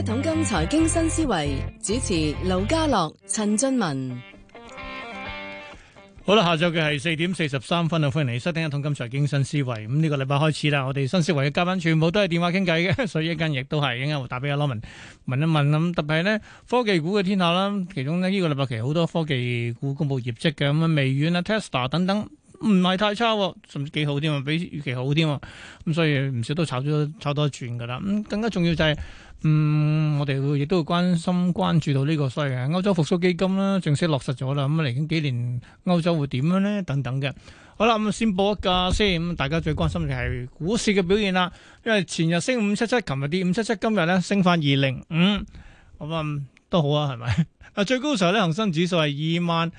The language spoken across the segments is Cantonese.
一桶金財經新思維，主持劉家樂、陳俊文，好啦，下晝嘅係四點四十三分啊！歡迎嚟收聽一桶金財經、嗯這個、新思維。咁呢個禮拜開始啦，我哋新思維嘅嘉賓全部都係電話傾偈嘅，所以一間亦都係應該會，會打俾阿 l 文 w 問一問。咁特別係咧科技股嘅天下啦，其中咧呢、這個禮拜期好多科技股公布業績嘅，咁、嗯、啊微軟啊、Tesla 等等。唔係太差、啊，甚至幾好添啊，比預期好啲、啊、喎。咁所以唔少都炒咗炒多一轉噶啦。咁更加重要就係，嗯，我哋亦都會關心關注到呢、呢個衰嘅歐洲復甦基金啦，正式落實咗啦。咁嚟緊幾年歐洲會點樣咧，等等嘅。好啦，咁先報一價，先。咁大家最關心嘅係股市嘅表現啦。因為前日升五七七，琴日跌五七七，今日咧升翻二零五，咁啊都好啊，係咪？啊 最高時候咧，恒生指數係二萬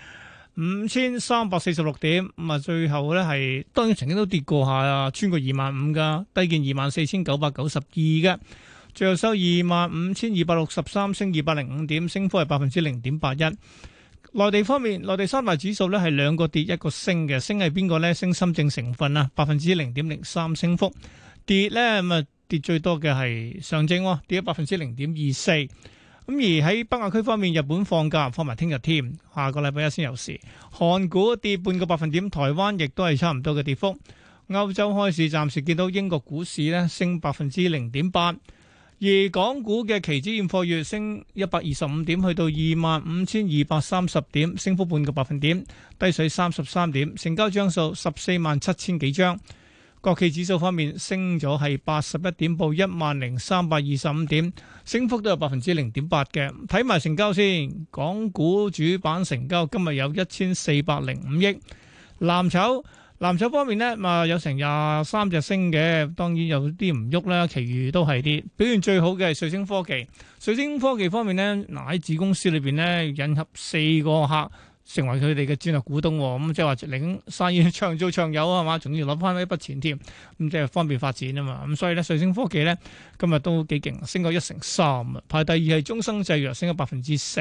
五千三百四十六點，咁啊最後咧係，當然曾經都跌過下啊，穿過二萬五噶，低見二萬四千九百九十二嘅，最後收二萬五千二百六十三，升二百零五點，升幅係百分之零點八一。內地方面，內地三大指數咧係兩個跌一個升嘅，升係邊個咧？升深證成分啦，百分之零點零三升幅，跌咧咁啊跌最多嘅係上證，跌咗百分之零點二四。咁而喺北亞區方面，日本放假，放埋聽日添，下個禮拜一先有市。韓股跌半個百分點，台灣亦都係差唔多嘅跌幅。歐洲開市，暫時見到英國股市咧升百分之零點八，而港股嘅期指現貨月升一百二十五點，去到二萬五千二百三十點，升幅半個百分點，低水三十三點，成交張數十四萬七千幾張。國企指數方面升咗係八十一點，報一萬零三百二十五點，升幅都有百分之零點八嘅。睇埋成交先，港股主板成交今日有一千四百零五億。藍籌藍籌方面呢，有成廿三隻升嘅，當然有啲唔喐啦，其餘都係啲表現最好嘅係瑞聲科技。瑞聲科技方面呢，嗱喺子公司裏邊呢，引合四個客。成為佢哋嘅戰略股東、啊，咁、嗯、即係話領生意長做長有啊嘛，仲要攞翻一筆錢添，咁、嗯、即係方便發展啊嘛。咁、嗯、所以咧，瑞星科技咧今日都幾勁，升咗一成三啊。排第二係中生製藥，升咗百分之四。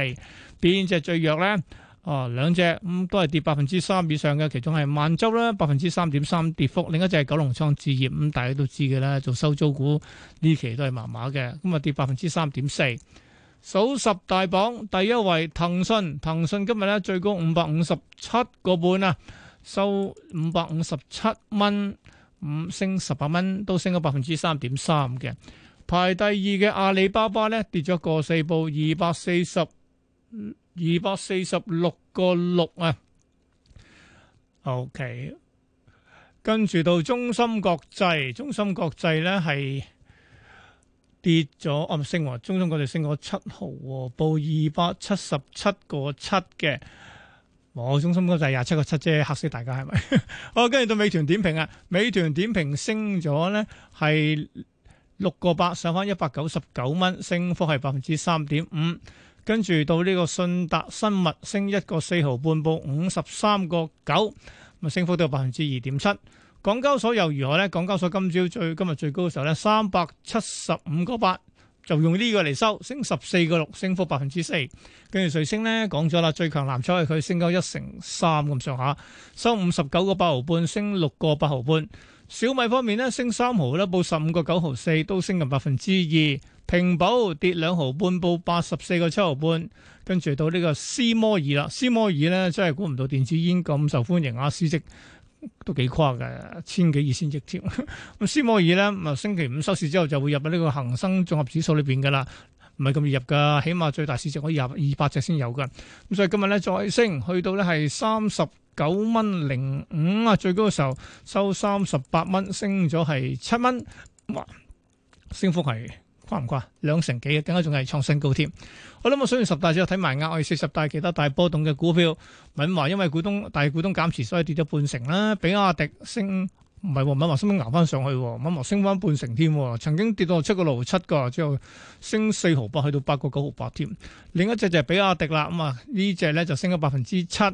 邊隻最弱咧？哦、啊，兩隻咁、嗯、都係跌百分之三以上嘅，其中係萬洲啦，百分之三點三跌幅。另一隻係九龍倉置業，咁、嗯、大家都知嘅啦，做收租股呢期都係麻麻嘅，咁啊跌百分之三點四。數十大榜第一位騰訊，騰訊今日咧最高五百五十七個半啊，收五百五十七蚊，五升十八蚊，都升咗百分之三點三嘅。排第二嘅阿里巴巴咧跌咗個四步，二百四十二百四十六個六啊。OK，跟住到中芯國際，中芯國際咧係。跌咗，暗、啊、升喎。中芯國際升咗七毫，哦，報二百七十七個七嘅。我中芯就係廿七個七啫，吓死大家係咪？好，跟 住、啊、到美團點評啊，美團點評升咗咧，係六個八，上翻一百九十九蚊，升幅係百分之三點五。跟住到呢個信達生物，升一個四毫半，報五十三個九，咁啊，升幅都有百分之二點七。港交所又如何呢？港交所今朝最今日最高嘅時候呢，三百七十五個八，就用呢個嚟收，升十四個六，升幅百分之四。跟住瑞聲呢講咗啦，最強藍籌係佢，升高一成三咁上下，收五十九個八毫半，升六個八毫半。小米方面呢，升三毫咧，報十五個九毫四，都升近百分之二。平保跌兩毫半，報八十四個七毫半。跟住到呢個思摩爾啦，思摩爾呢，真係估唔到電子煙咁受歡迎啊！司職。都幾誇噶，千幾二千億添。咁 斯摩爾咧，啊星期五收市之後就會入喺呢個恒生綜合指數裏邊噶啦，唔係咁易入噶，起碼最大市值可以入二百隻先有噶。咁所以今日咧再升，去到咧係三十九蚊零五啊，最高嘅時候收三十八蚊，升咗係七蚊，哇，升幅係。掛唔掛？兩成幾嘅，更加仲係創新高添。我諗我雖然十大之後睇埋額外四十大其他大波動嘅股票，敏華因為股東大股東減持，所以跌咗半成啦。比亞迪升唔係，敏華先啱翻上去，敏華升翻半成添。曾經跌到七個六七個，之後升四毫八，去到八個九毫八添。另一隻就係比亞迪啦，咁啊呢隻咧就升咗百分之七。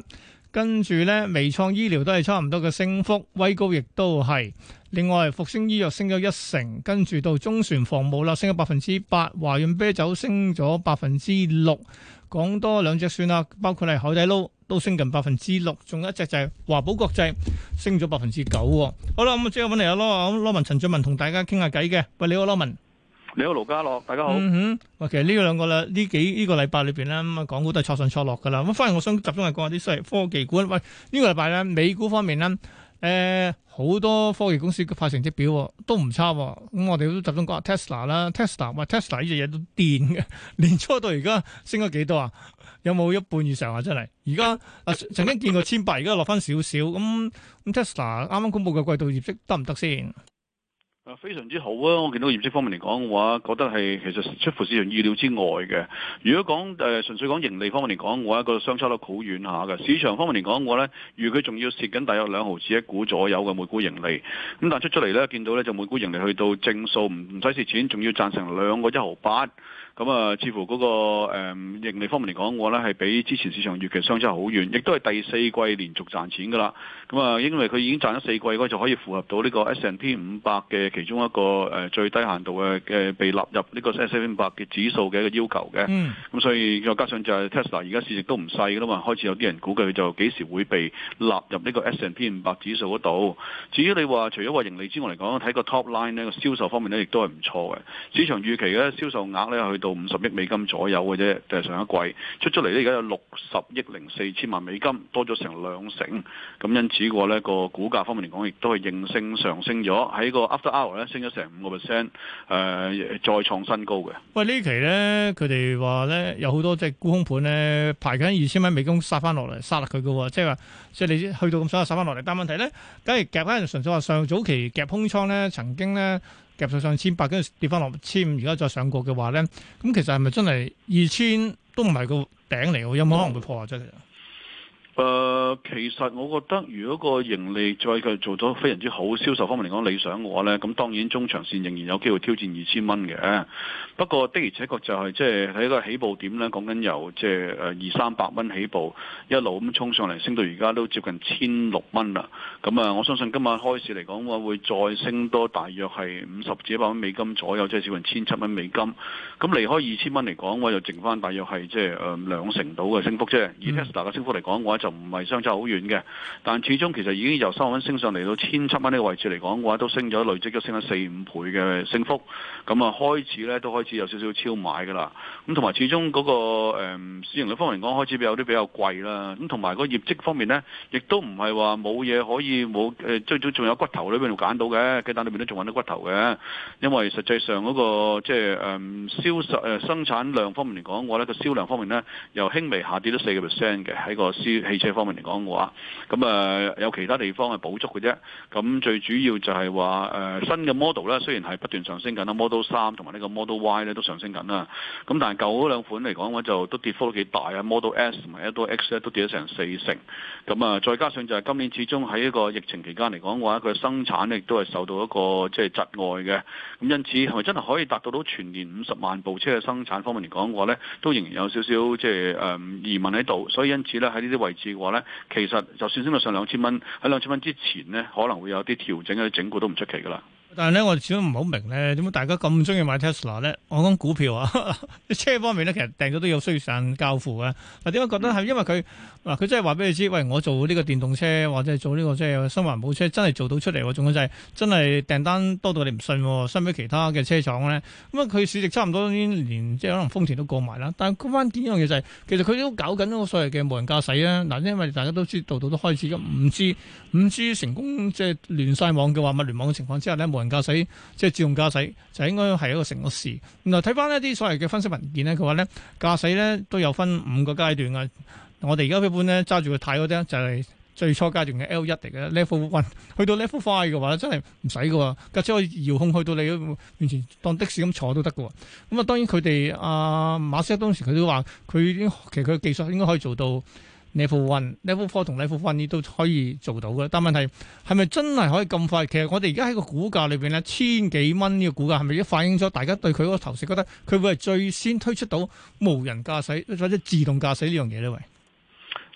跟住呢，微創醫療都係差唔多嘅升幅，威高亦都係。另外，復星醫藥升咗一成，跟住到中船防務啦，升咗百分之八，華潤啤酒升咗百分之六。講多兩隻算啦，包括係海底撈都升近百分之六，仲有一隻就係華寶國際升咗百分之九。好啦，咁啊，最後一個問題啊，咁啊，羅文陳俊文同大家傾下偈嘅。喂，你好，羅文。你好，盧家樂，大家好。嗯哼，喂，其實呢個兩個啦，呢幾呢、這個禮拜裏邊咧，咁啊，港股都係挫上挫落噶啦。咁反而我想集中係講下啲所謂科技股。喂，這個、禮呢個禮拜咧，美股方面咧，誒、呃，好多科技公司嘅發成績表都不，都唔差。咁我哋都集中講下 Tesla 啦，Tesla，喂，Tesla 呢隻嘢都癲嘅，年初到而家升咗幾多啊？有冇一半以上啊？真係，而家、 呃、曾經見過千八，而家落翻少少。咁咁 Tesla 啱啱公布嘅季度業績得唔得先？啊，非常之好啊！我見到業績方面嚟講嘅話，覺得係其實出乎市場意料之外嘅。如果講誒、呃、純粹講盈利方面嚟講，覺得相差得好遠下嘅。市場方面嚟講，我呢預佢仲要蝕緊大約兩毫紙一股左右嘅每股盈利。咁但係出出嚟呢，見到呢就每股盈利去到正數，唔唔使蝕錢，仲要賺成兩個一毫八。咁啊，似乎嗰、嗰個、嗯、盈利方面嚟講，我咧係比之前市場預期相差好遠，亦都係第四季連續賺錢㗎啦。咁、嗯、啊，因為佢已經賺咗四季，嗰就可以符合到呢個 S n P 五百嘅其中一個、呃、最低限度嘅嘅、呃、被納入呢個 S and P 五百嘅指數嘅一個要求嘅。咁、mm. 所以再加上就係 Tesla，而家市值都唔細㗎啦嘛，開始有啲人估計就幾時會被納入呢個 S n P 五百指數嗰度。至於你話除咗話盈利之外嚟講，睇個 top line 呢個銷售方面呢，亦都係唔錯嘅。市場預期嘅銷售額呢，去到，到五十億美金左右嘅啫，就係上一季出出嚟咧，而家有六十億零四千萬美金，多咗成兩成。咁因此嘅話咧，個股價方面嚟講，亦都係應聲上升咗，喺個 After Hour 咧升咗成五個 percent，誒再創新高嘅。喂，他們說呢期咧佢哋話咧有好多即係、就是、沽空盤咧排緊二千蚊美金殺翻落嚟，殺落佢嘅喎，即係話即係你去到咁上下殺翻落嚟，但係問題咧，梗係夾翻，純粹話上早期夾空倉咧，曾經咧。夾上上千八，跟住跌翻落千五，而家再上過嘅話咧，咁其實係咪真係二千都唔係個頂嚟？有冇可能會破啊？真係，哦誒、呃，其實我覺得，如果個盈利再佢做咗非常之好，銷售方面嚟講理想嘅話呢，咁當然中長線仍然有機會挑戰二千蚊嘅。不過的而且確就係、是，即係喺個起步點呢，講緊由即係二三百蚊起步，一路咁衝上嚟，升到而家都接近千六蚊啦。咁啊，我相信今晚開市嚟講，我會再升多大約係五十至一百蚊美金左右，即係接近千七蚊美金。咁離開二千蚊嚟講，我又剩翻大約係即係兩成到嘅升幅啫。以 Tesla 嘅升幅嚟講，嘅喺就唔係相差好遠嘅，但始終其實已經由三蚊升上嚟到千七蚊呢個位置嚟講嘅話，都升咗累積咗升咗四五倍嘅升幅，咁啊開始咧都開始有少少超買㗎啦。咁同埋始終嗰、嗰個、嗯、市盈率方面嚟講，開始有啲比較貴啦。咁同埋個業績方面呢，亦都唔係話冇嘢可以冇誒，最仲有、呃、有骨頭裏邊度揀到嘅，雞蛋裏面都仲揾到骨頭嘅。因為實際上嗰、嗰個即係誒銷售誒生產量方面嚟講，我咧個銷量方面呢，由輕微下跌咗四個 percent 嘅喺個車方面嚟講嘅話，咁誒有其他地方係補足嘅啫。咁最主要就係話誒新嘅 model 咧，雖然係不斷上升緊啦，model 三同埋呢個 model Y 咧都上升緊啦。咁但係舊嗰兩款嚟講嘅話，就都跌幅都幾大啊。model S 同埋 model X 咧都跌咗成四成。咁啊，再加上就係今年始終喺一個疫情期間嚟講嘅話，佢嘅生產咧亦都係受到一個即係窒礙嘅。咁因此係咪真係可以達到到全年五十萬部車嘅生產方面嚟講嘅話咧，都仍然有少少即係誒疑問喺度。所以因此咧喺呢啲位置。話咧，其實就算升到上兩千蚊，喺兩千蚊之前咧，可能會有啲調整、一啲整固都唔出奇噶啦。但係咧，我始終唔好明咧，點解大家咁中意買 Tesla 咧？我講股票啊，呵呵車方面咧，其實訂咗都有需要上交付啊。我點解覺得係因為佢嗱，佢真係話俾你知，喂，我做呢個電動車或者做呢個即係新環保車，真係做到出嚟。重點就係真係訂單多到你唔信，相比其他嘅車廠咧。咁啊，佢市值差唔多已經連即係可能豐田都過埋啦。但係嗰番點樣嘢就係其實佢都搞緊嗰個所謂嘅無人駕駛啊。嗱，因為大家都知道度度都開始咗五 G，五 G 成功即係連晒網嘅話物聯網嘅情況之下咧，無人駕駛即係自動駕駛，就應該係一個成個事。嗱，睇翻呢啲所謂嘅分析文件咧，佢話咧駕駛咧都有分五個階段噶。我哋而家一般咧揸住去睇嗰啲，就係最初階段嘅 L 一嚟嘅 Level One，去到 Level Five 嘅話，真係唔使噶架車，可以遙控去到你完全當的士咁坐都得噶。咁啊，當然佢哋啊馬斯克當時佢都話，佢已經其實佢嘅技術應該可以做到。Level one、level four 同 level one 呢都可以做到嘅，但問題係咪真係可以咁快？其實我哋而家喺個股價裏邊咧，千幾蚊呢個股價係咪已經反映咗大家對佢嗰個投射覺得佢會係最先推出到無人駕駛或者自動駕駛呢樣嘢咧？喂？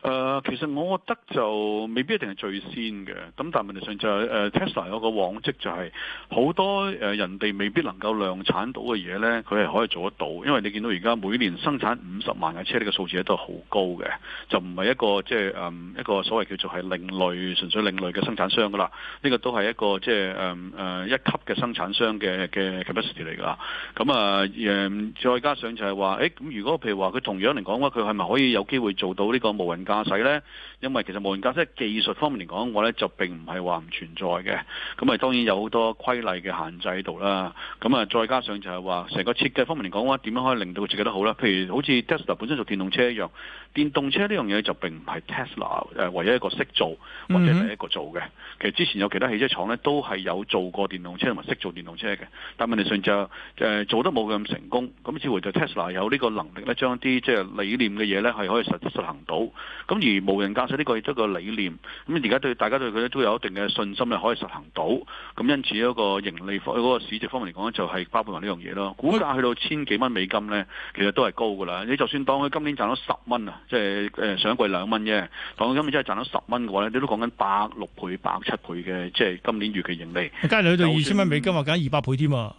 誒、呃，其實我覺得就未必一定係最先嘅，咁但係問題上就係、是呃、Tesla 有個往績就係、是、好多人哋未必能夠量產到嘅嘢呢佢係可以做得到，因為你見到而家每年生產五十萬嘅車呢個數字都好高嘅，就唔係一個即係、就是嗯、一個所謂叫做係另類純粹另類嘅生產商噶啦，呢、這個都係一個即係誒誒一級嘅生產商嘅嘅 capacity 嚟㗎，咁、嗯、啊再加上就係話，咁、欸、如果譬如話佢同樣嚟講話，佢係咪可以有機會做到呢個無人。駕駛呢，因為其實無人駕駛技術方面嚟講，我呢就並唔係話唔存在嘅。咁啊，當然有好多規例嘅限制喺度啦。咁啊，再加上就係話成個設計方面嚟講，話點樣可以令到佢設計得好啦？譬如好似 Tesla 本身做電動車一樣，電動車呢樣嘢就並唔係 Tesla 誒唯一一個識做或者第一個做嘅。其實之前有其他汽車廠呢，都係有做過電動車同埋識做電動車嘅，但問題上就誒做得冇咁成功。咁似乎就 Tesla 有呢個能力呢，將啲即係理念嘅嘢呢，係可以實實行到。咁而無人駕駛呢個亦都個理念，咁而家對大家對佢都有一定嘅信心，咧可以實行到。咁因此嗰個盈利方、嗰個市值方面嚟講就係包括埋呢樣嘢咯。股價去到千幾蚊美金咧，其實都係高㗎啦。你就算當佢今年賺咗十蚊啊，即係誒上一季兩蚊啫。當佢今年真係賺咗十蚊嘅話咧，你都講緊百六倍、百七倍嘅，即係今年預期盈利。假如去到二千蚊美金，話梗二百倍添啊！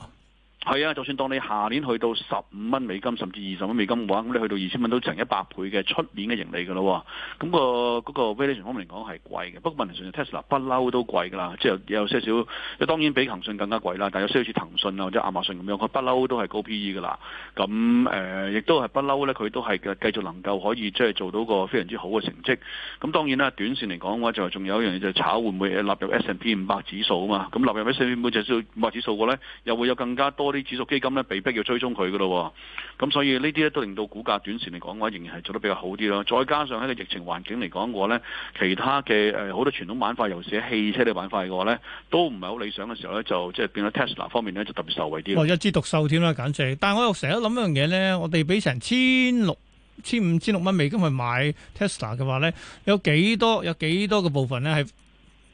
係啊，就算當你下年去到十五蚊美金，甚至二十蚊美金嘅話，咁你去到二千蚊都成一百倍嘅出年嘅盈利㗎咯喎。咁、個嗰、個 valuation 方面嚟講係貴嘅，不過問題上是 Tesla 不嬲都貴㗎啦，即係有，有些少，即當然比騰訊更加貴啦，但係有些似騰訊啊或者亞馬遜咁樣，佢不嬲都係高 PE 㗎啦。咁誒，亦、呃、都係不嬲咧，佢都係嘅繼續能夠可以即係做到一個非常之好嘅成績。咁當然啦，短線嚟講嘅話就仲有一樣嘢就係、是、炒會唔會納入 S&P 五百指數啊嘛。咁納入 S&P 五百指數個咧，又會有更加多，啲指數基金咧，被逼要追蹤佢噶咯，咁所以呢啲咧都令到股價短線嚟講嘅話，仍然係做得比較好啲咯。再加上喺個疫情環境嚟講嘅話咧，其他嘅誒好多傳統板塊，尤其是汽車嘅板塊嘅話咧，都唔係好理想嘅時候咧，就即係變咗 Tesla 方面咧就特別受惠啲。哇！一枝獨秀添啦，簡直！但係我又成日諗一樣嘢咧，我哋俾成千六千五千六蚊美金去買 Tesla 嘅話咧，有幾多有幾多個部分咧係？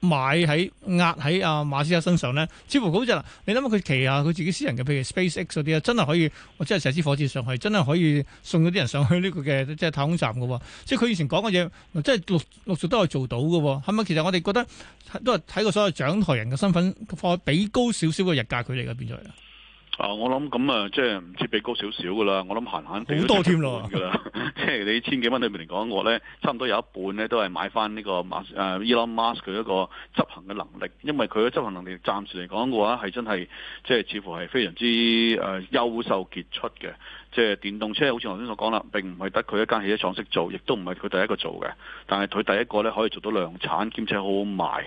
買喺壓喺阿馬斯克身上咧，似乎嗰日，你諗下佢旗下佢自己私人嘅，譬如 SpaceX 嗰啲啊，真係可以，我真係射支火箭上去，真係可以送咗啲人上去呢，這個嘅即係太空站噶，即係佢以前講嘅嘢，即係陸陸續都可以做到噶，係咪？其實我哋覺得都係睇個所有掌台人嘅身份，放比高少少嘅溢價佢嚟嘅變咗啊、呃，我諗咁啊，即係唔知畀高少少噶啦。我諗行行好多添咯，即係 你千幾蚊裏面嚟講，我咧差唔多有一半咧都係買翻呢個馬、呃、Elon Musk 佢一個執行嘅能力，因為佢嘅執行能力暫時嚟講嘅話係真係即係似乎係非常之誒、呃、優秀傑出嘅。即係電動車，好似頭先所講啦，並唔係得佢一間汽車廠識做，亦都唔係佢第一個做嘅。但係佢第一個咧可以做到量產兼且好好賣。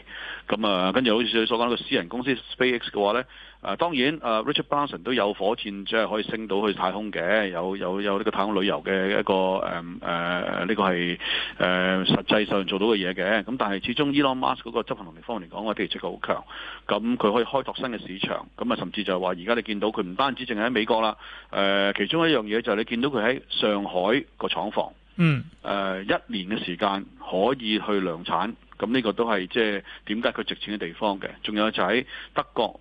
咁啊，跟住好似你所講個私人公司 SpaceX 嘅話咧，誒、啊、當然、啊、Richard Branson 都有火箭，即係可以升到去太空嘅，有有有呢個太空旅遊嘅一個誒誒呢個係誒、啊、實際上做到嘅嘢嘅。咁但係始終 Elon Musk 嗰個執行能力方面嚟講，我哋認為好強。咁佢可以開拓新嘅市場。咁啊，甚至就係話而家你見到佢唔單止淨係喺美國啦、啊，其中一樣。嘢就係你見到佢喺上海個廠房，嗯，誒一年嘅時間可以去量產，咁呢個都係即係點解佢值錢嘅地方嘅。仲有就喺德國。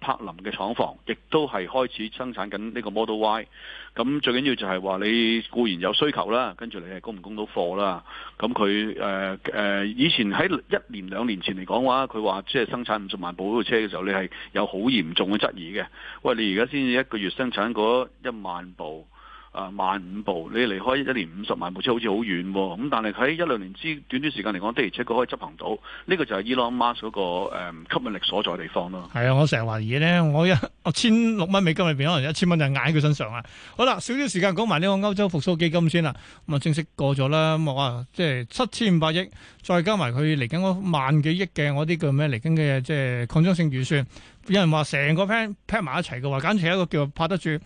柏林嘅廠房亦都係開始生產緊呢個 Model Y，咁最緊要就係話你固然有需求啦，跟住你係供唔供到貨啦？咁佢誒誒以前喺一年兩年前嚟講話，佢話即係生產五十萬部個車嘅時候，你係有好嚴重嘅質疑嘅。喂，你而家先至一個月生產嗰一萬部。啊，萬五部你離開一年五十萬部車好似好遠喎、哦，咁、嗯、但係喺一兩年之短短時間嚟講，的而且佢可以執行到，呢、這個就係 Elon Musk 嗰、那個、嗯、吸引力所在地方咯。係啊，我成日懷疑咧，我一千六蚊美金入邊，可能一千蚊就壓喺佢身上啦。好啦，少少時間講埋呢個歐洲復甦基金先啦，咁啊正式過咗啦，咁啊即係七千五百億，再加埋佢嚟緊嗰萬幾億嘅嗰啲叫咩嚟緊嘅即係擴張性預算，有人話成個 plan plan 埋一齊嘅話，簡直係一個叫拍得住。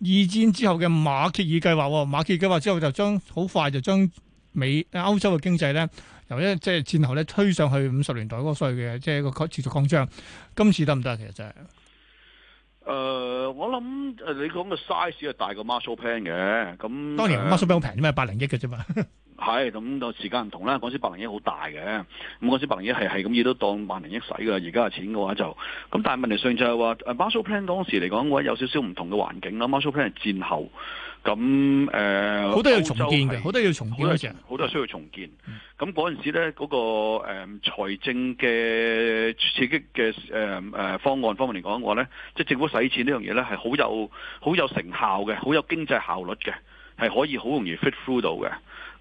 二戰之後嘅馬歇爾計劃，馬歇爾計劃之後就將好快就將美、歐洲嘅經濟咧，由一即係戰後咧推上去五十年代嗰個歲嘅，即係一個持續擴張。今次得唔得啊？其實真、就、係、是，誒、呃，我諗誒，你講嘅 size 係大過 Marshall Plan 嘅。咁當年 Marshall Plan 好平啫嘛，八零億嘅啫嘛。係，咁就時間唔同啦。嗰時百零億好大嘅，咁嗰時百零億係咁亦都當萬零億使㗎。而家嘅錢嘅話就，咁但係問題上就係話，Marshall Plan 當時嚟講嘅話有少少唔同嘅環境啦。Marshall Plan 係戰後，咁誒好多要重建嘅，好多要重建嘅，好多需要重建。咁嗰陣時咧，嗰、那個誒、嗯、財政嘅刺激嘅誒、嗯呃、方案方面嚟講嘅話咧，即政府使錢呢樣嘢咧係好有好有成效嘅，好有經濟效率嘅，係可以好容易 fit through 到嘅。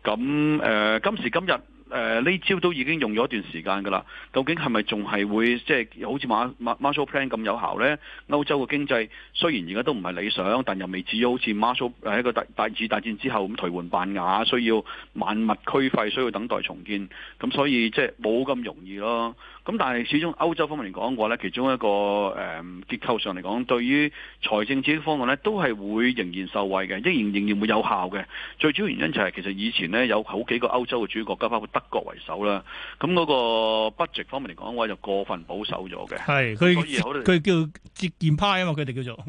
咁誒、呃、今時今日誒呢招都已經用咗一段時間㗎啦，究竟係咪仲係會即係好似馬馬 Marshall Plan 咁有效呢？歐洲嘅經濟雖然而家都唔係理想，但又未至於好似 Marshall 一個大大戰大戰之後咁頹垣敗瓦，需要萬物俱廢，需要等待重建，咁所以即係冇咁容易咯。咁但係始終歐洲方面嚟講嘅話咧，其中一個誒結構上嚟講，對於財政刺激方案咧，都係會仍然受惠嘅，依然仍然會有效嘅。最主要原因就係、是、其實以前咧有好幾個歐洲嘅主要國家，包括德國為首啦，咁、那、嗰個 budget 方面嚟講嘅話就過分保守咗嘅。係，佢佢叫節儉派啊嘛，佢哋叫做。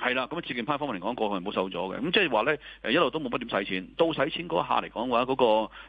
係啦，咁啊自建派方面嚟講，過去冇收咗嘅，咁即係話咧，一路都冇乜點使錢，到使錢嗰下嚟講嘅話，嗰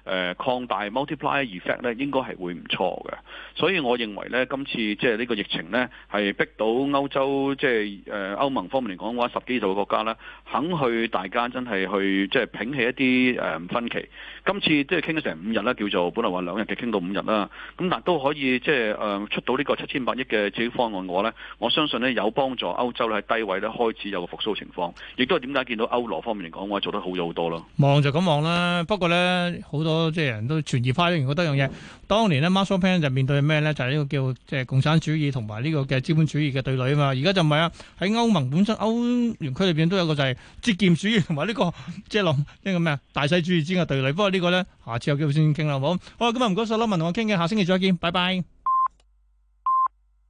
個誒擴大 multiply effect 咧，應該係會唔錯嘅。所以我認為咧，今次即係呢個疫情咧，係逼到歐洲即係誒歐盟方面嚟講嘅話，十幾個國家咧肯去大家真係去即係摒棄一啲誒分歧。今次即係傾咗成五日啦，叫做本來話兩日嘅傾到五日啦，咁但係都可以即係誒出到呢個七千八億嘅主要方案話，我咧我相信咧有幫助歐洲咧係低位咧開有個復甦情況，亦都係點解見到歐羅方面嚟講，我係做得好咗好多咯。望就咁望啦，不過咧好多即係人都傳熱花啲嘢，覺得一樣嘢。當年咧 Marshall Plan 就面對咩咧？就係、是、呢個叫即係共產主義同埋呢個嘅資本主義嘅對壘啊嘛。而家就唔係啊，喺歐盟本身歐元區裏邊都有個就係節儉主義同埋呢個即係諗呢個咩大細主義之間嘅對壘。不過個呢個咧下次有機會先傾啦，好好？好咁啊！唔該曬啦，文同我傾傾，下星期再見，拜拜。